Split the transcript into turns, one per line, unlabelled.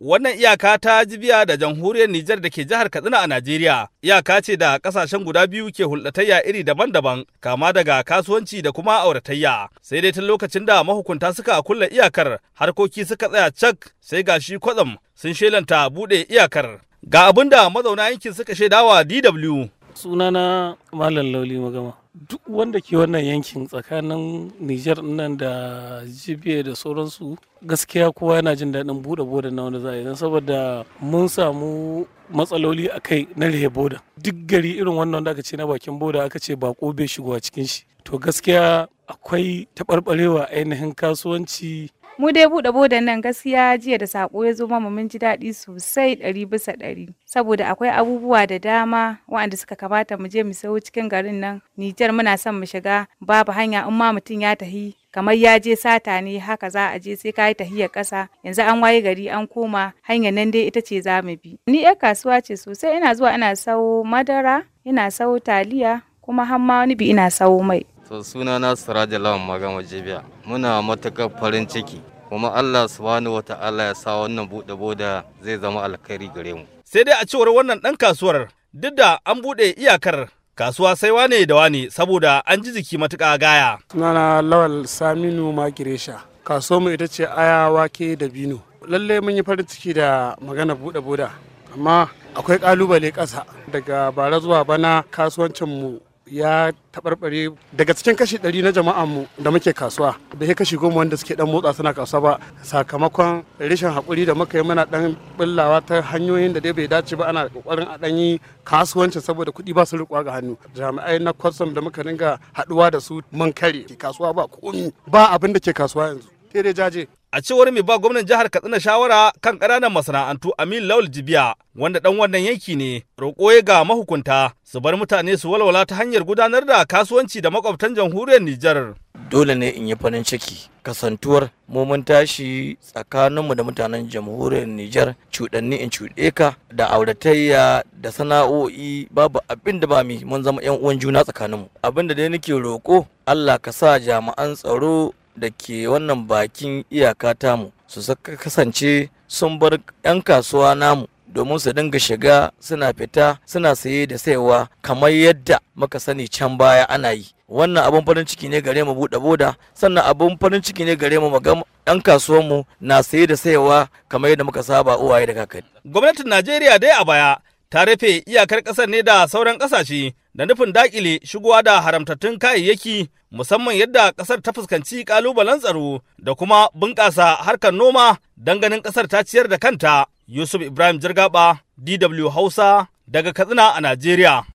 Wannan iyaka ta jibiya da jamhuriyar Nijar da ke jihar Katsina a Najeriya. Iyaka ce da kasashen guda biyu ke hulɗatayya iri daban-daban, kama daga kasuwanci da kuma auratayya. Sai dai tun lokacin da mahukunta suka kulle iyakar, harkoki suka tsaya cak sai gashi kwatsam sun shelanta buɗe iyakar.
Ga abin da mazauna yankin suka shaidawa DW. Sunana Malam Lauli Magama. duk wanda ke wannan yankin tsakanin niger nan da jibiya da sauransu gaskiya kowa yana jin daɗin buɗe bodan na wanda za a yi saboda mun samu matsaloli a kai na rihe bodan duk gari irin wannan wanda aka ce na bakin boda aka ce bako bai shigowa cikin shi to gaskiya akwai taɓarɓarewa ainihin kasuwanci
mu dai buɗe bodan nan gaskiya jiya da sako ya zo ma mun ji daɗi sosai ɗari bisa ɗari saboda akwai abubuwa da dama waɗanda suka kamata mu je mu sayo cikin garin nan Nijar muna son mu shiga babu hanya in ma mutum ya tahi kamar ya je sata ne haka za a je sai ka yi tahiyar ƙasa yanzu an waye gari an koma hanyar nan dai ita ce za mu bi ni yar kasuwa ce sosai ina zuwa ina sawo madara ina sawo taliya kuma har ma wani bi ina sawo mai
to suna na siraja jibiya muna matakar farin ciki kuma Allah subhanahu wa ta'ala ya sa wannan buɗe boda zai zama alkhairi gare mu.
Sai dai a cewar wannan ɗan kasuwar duk da an buɗe iyakar kasuwa sai wane da
wane saboda an ji jiki matuƙa gaya. Sunana Lawal Saminu Magiresha kasuwar mu ita ce aya wake da bino. Lalle mun yi farin ciki da magana buɗe boda amma akwai ƙalubale ƙasa daga bara zuwa bana kasuwancin mu ya taɓarɓare daga cikin kashi ɗari na jama'an mu da muke kasuwa da ya kashi goma wanda suke dan motsa suna kasuwa ba sakamakon rashin haƙuri da muka yi muna dan billawa ta hanyoyin da dai bai dace ba ana kokarin a dan yi kasuwancin saboda kuɗi ba su riƙuwa ga hannu jami'ai na kwastam da muka dinga haɗuwa da su mun kare kasuwa ba komi ba abin da ke kasuwa yanzu tere jaje A cewar mai ba gwamnan jihar Katsina shawara kan ƙananan
masana'antu Amin Lawal Jibiya wanda ɗan wannan yanki ne roƙo ya ga mahukunta su
bar mutane su walwala ta hanyar gudanar da kasuwanci da makwabtan jamhuriyar Nijar. Dole ne in yi farin ciki kasantuwar mu mun tashi tsakaninmu da mutanen jamhuriyar Nijar cuɗanni in cuɗe ka da auratayya da sana'o'i babu abin da ba mi mun zama 'yan uwan juna tsakaninmu abin da dai nake roƙo Allah ka sa jami'an tsaro da ke wannan bakin iyaka tamu su kasance sun bar 'yan kasuwa namu domin su dinga shiga suna fita suna saye da saiwa kamar yadda muka sani can baya ana yi wannan abin farin ciki ne gare mu buɗe boda sannan abin farin ciki ne gare mu ga ɗan kasuwanmu na saye da sayewa kamar yadda muka saba uwaye da kakanni gwamnatin najeriya dai a baya ta rufe iyakar ƙasar ne da sauran
ƙasashe da nufin daƙile shigowa da haramtattun kayayyaki musamman yadda ƙasar ta fuskanci ƙalubalen tsaro da kuma bunƙasa harkar noma don ganin ƙasar ta ciyar da kanta. Yusuf Ibrahim Jirgaba, DW Hausa, daga Katsina a Najeriya.